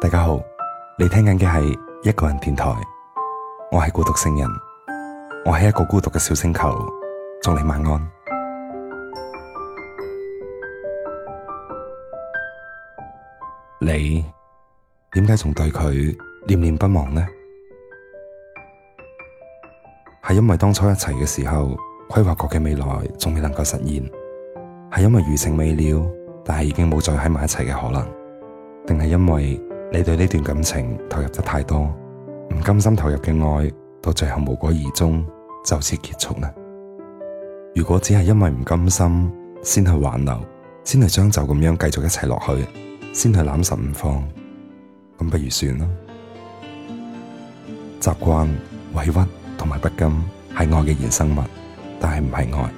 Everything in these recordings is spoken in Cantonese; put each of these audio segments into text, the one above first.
大家好，你聽緊嘅係一個人電台，我係孤獨星人，我係一個孤獨嘅小星球，祝你晚安。你點解仲對佢念念不忘呢？係因為當初一齊嘅時候規劃過嘅未來仲未能夠實現，係因為餘情未了，但係已經冇再喺埋一齊嘅可能，定係因為？你對呢段感情投入得太多，唔甘心投入嘅愛到最後無果而終，就此結束啦。如果只係因為唔甘心，先去挽留，先去將就咁樣繼續一齊落去，先去攬實唔放，咁不如算啦。習慣委屈同埋不甘係愛嘅衍生物，但係唔係愛。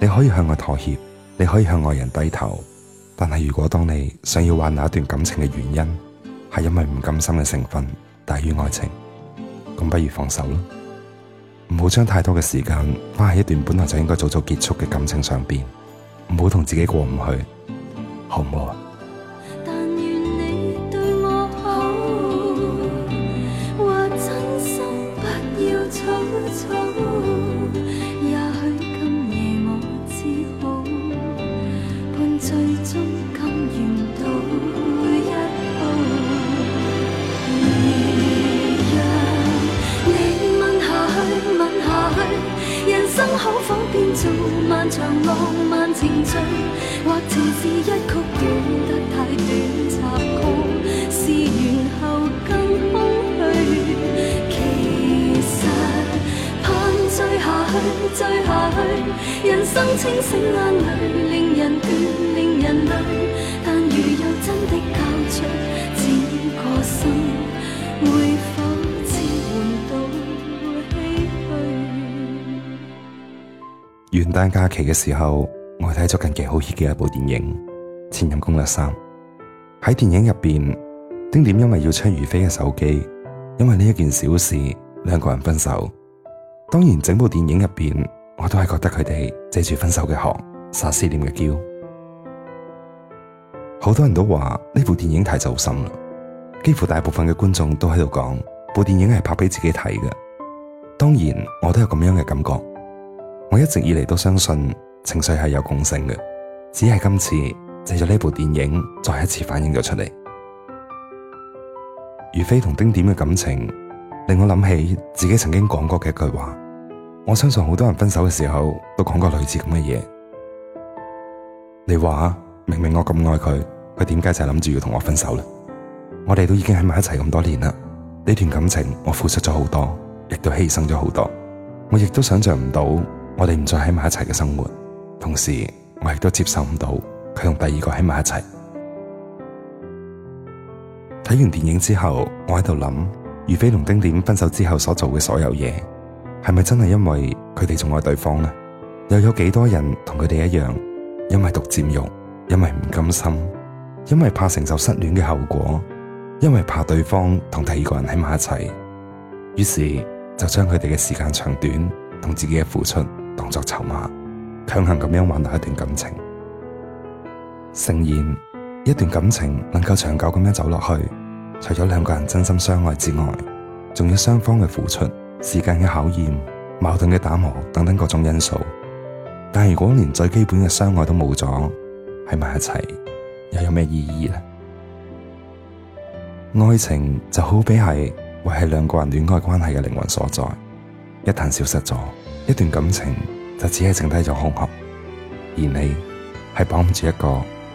你可以向我妥協，你可以向外人低頭，但係如果當你想要挽留一段感情嘅原因，係因為唔甘心嘅成分大於愛情，咁不如放手啦！唔好將太多嘅時間花喺一段本來就應該早早結束嘅感情上邊，唔好同自己過唔去，好唔好啊？一曲短得太短，插曲試完後更空虛。其實盼醉下去，醉下去，人生清醒，眼淚，令人倦令人累。但如有真的交出，整個心會否只換到唏噓？元旦假期嘅時候，我睇咗近期好熱嘅一部電影。前任攻略三喺電影入邊，丁點因為要搶余飛嘅手機，因為呢一件小事，兩個人分手。當然，整部電影入邊，我都係覺得佢哋借住分手嘅殼，撒思念嘅嬌。好多人都話呢部電影太走心啦，幾乎大部分嘅觀眾都喺度講，部電影係拍俾自己睇嘅。當然，我都有咁樣嘅感覺。我一直以嚟都相信情緒係有共性嘅，只係今次。借咗呢部電影，再一次反映咗出嚟。如飛同丁點嘅感情，令我諗起自己曾經講過嘅一句話。我相信好多人分手嘅時候都講過類似咁嘅嘢。你話明明我咁愛佢，佢點解就諗住要同我分手咧？我哋都已經喺埋一齊咁多年啦，呢段感情我付出咗好多，亦都犧牲咗好多。我亦都想象唔到我哋唔再喺埋一齊嘅生活，同時我亦都接受唔到。佢同第二個喺埋一齊。睇完電影之後，我喺度諗，如飛同丁點分手之後所做嘅所有嘢，係咪真係因為佢哋仲愛對方呢？又有幾多人同佢哋一樣，因為獨佔欲，因為唔甘心，因為怕承受失戀嘅後果，因為怕對方同第二個人喺埋一齊，於是就將佢哋嘅時間長短同自己嘅付出當作籌碼，強行咁樣挽留一段感情。誠然，一段感情能夠長久咁樣走落去，除咗兩個人真心相愛之外，仲有雙方嘅付出、時間嘅考驗、矛盾嘅打磨等等各種因素。但如果連最基本嘅相愛都冇咗，喺埋一齊又有咩意義呢？愛情就好比係維繫兩個人戀愛關係嘅靈魂所在，一旦消失咗，一段感情就只係剩低咗空殼。而你係綁唔住一個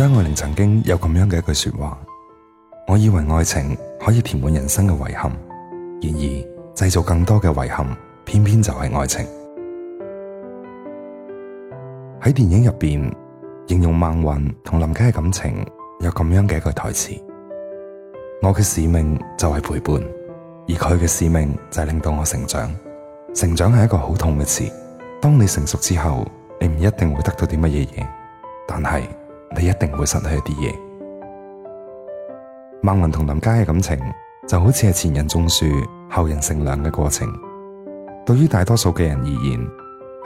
張愛玲曾經有咁樣嘅一句說話：我以為愛情可以填滿人生嘅遺憾，然而製造更多嘅遺憾，偏偏就係愛情。喺電影入邊，形容孟雲同林佳嘅感情有咁樣嘅一句台詞：我嘅使命就係陪伴，而佢嘅使命就係令到我成長。成長係一個好痛嘅詞，當你成熟之後，你唔一定會得到啲乜嘢嘢，但係。.你一定會失去一啲嘢。孟云同林佳嘅感情就好似係前人種樹後人乘涼嘅過程。對於大多數嘅人而言，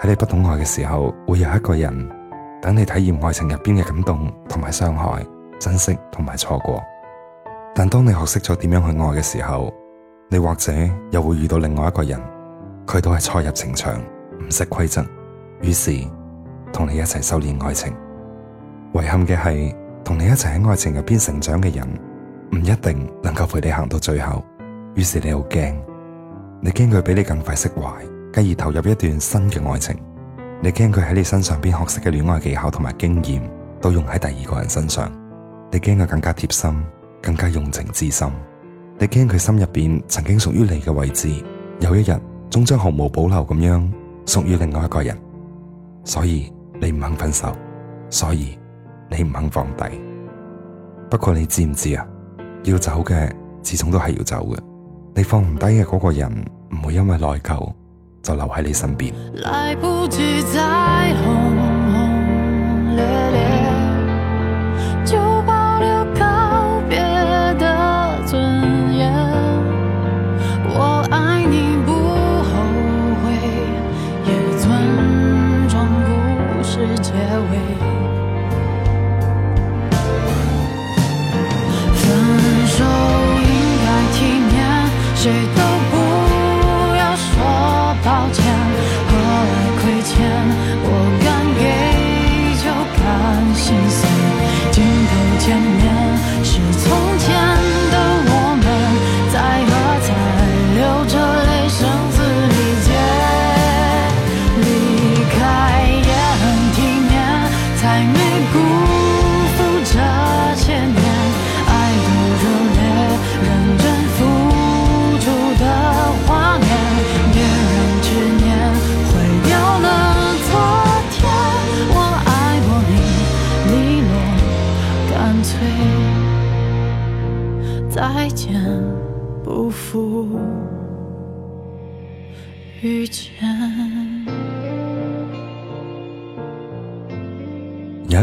喺你不懂愛嘅時候，會有一個人等你體驗愛情入邊嘅感動同埋傷害、珍惜同埋錯過。但當你學識咗點樣去愛嘅時候，你或者又會遇到另外一個人，佢都係初入情場，唔識規則，於是同你一齊修煉愛情。遺憾嘅係，同你一齊喺愛情入邊成長嘅人，唔一定能夠陪你行到最後。於是你好驚，你驚佢比你更快釋懷，繼而投入一段新嘅愛情。你驚佢喺你身上邊學識嘅戀愛技巧同埋經驗，都用喺第二個人身上。你驚佢更加貼心，更加用情至深。你驚佢心入邊曾經屬於你嘅位置，有一日終將毫無保留咁樣屬於另外一個人。所以你唔肯分手，所以。你唔肯放低，不過你知唔知啊？要走嘅，始終都係要走嘅，你放唔低嘅嗰個人，唔會因為內疚，就留喺你身邊。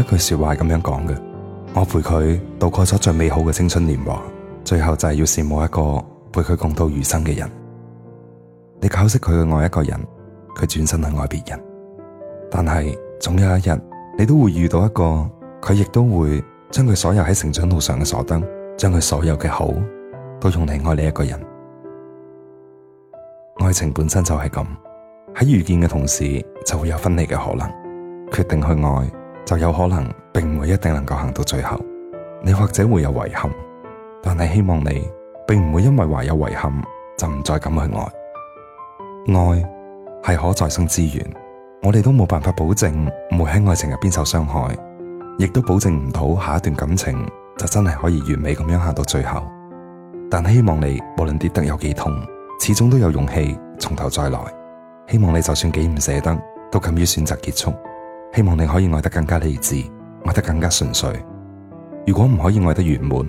一句話說話係咁樣講嘅，我陪佢度過咗最美好嘅青春年華，最後就係要羨慕一個陪佢共度餘生嘅人。你教識佢去愛一個人，佢轉身去愛別人，但係總有一日，你都會遇到一個，佢亦都會將佢所有喺成長路上嘅所得，將佢所有嘅好都用嚟愛你一個人。愛情本身就係咁，喺遇見嘅同時就會有分離嘅可能，決定去愛。就有可能並唔會一定能夠行到最後，你或者會有遺憾，但係希望你並唔會因為懷有遺憾就唔再敢去愛。愛係可再生資源，我哋都冇辦法保證唔會喺愛情入邊受傷害，亦都保證唔到下一段感情就真係可以完美咁樣行到最後。但希望你無論跌得有幾痛，始終都有勇氣從頭再來。希望你就算幾唔捨得，都敢於選擇結束。希望你可以愛得更加理智，愛得更加純粹。如果唔可以愛得圓滿，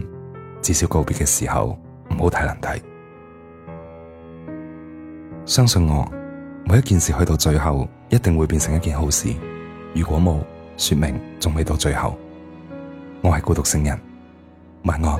至少告別嘅時候唔好太難睇。相信我，每一件事去到最後一定會變成一件好事。如果冇，說明仲未到最後。我係孤獨星人，晚安。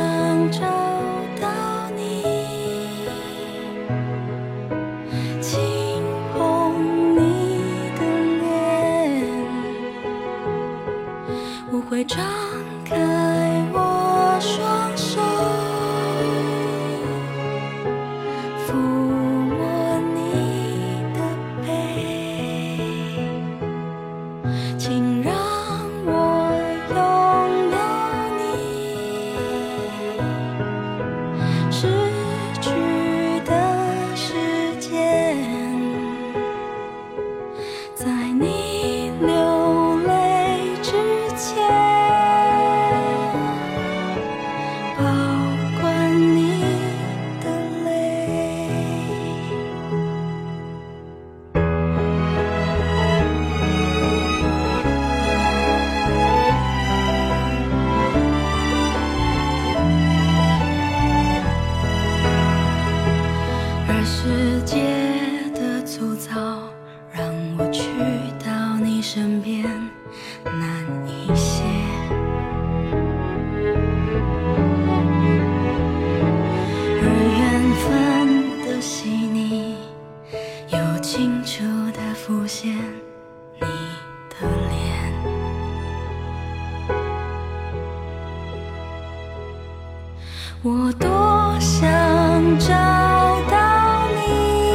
可惜你又清楚地浮現你的臉，我多想找到你，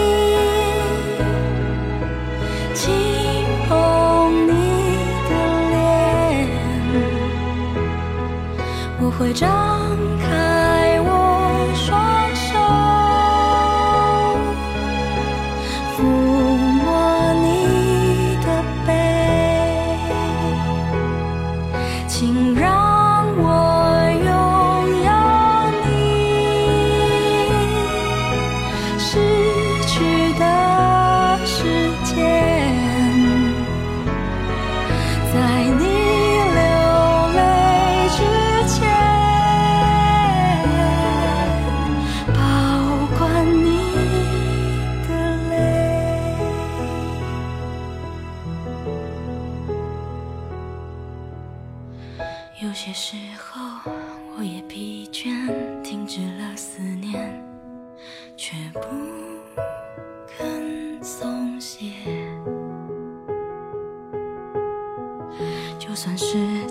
輕捧你的臉，我會找。算是。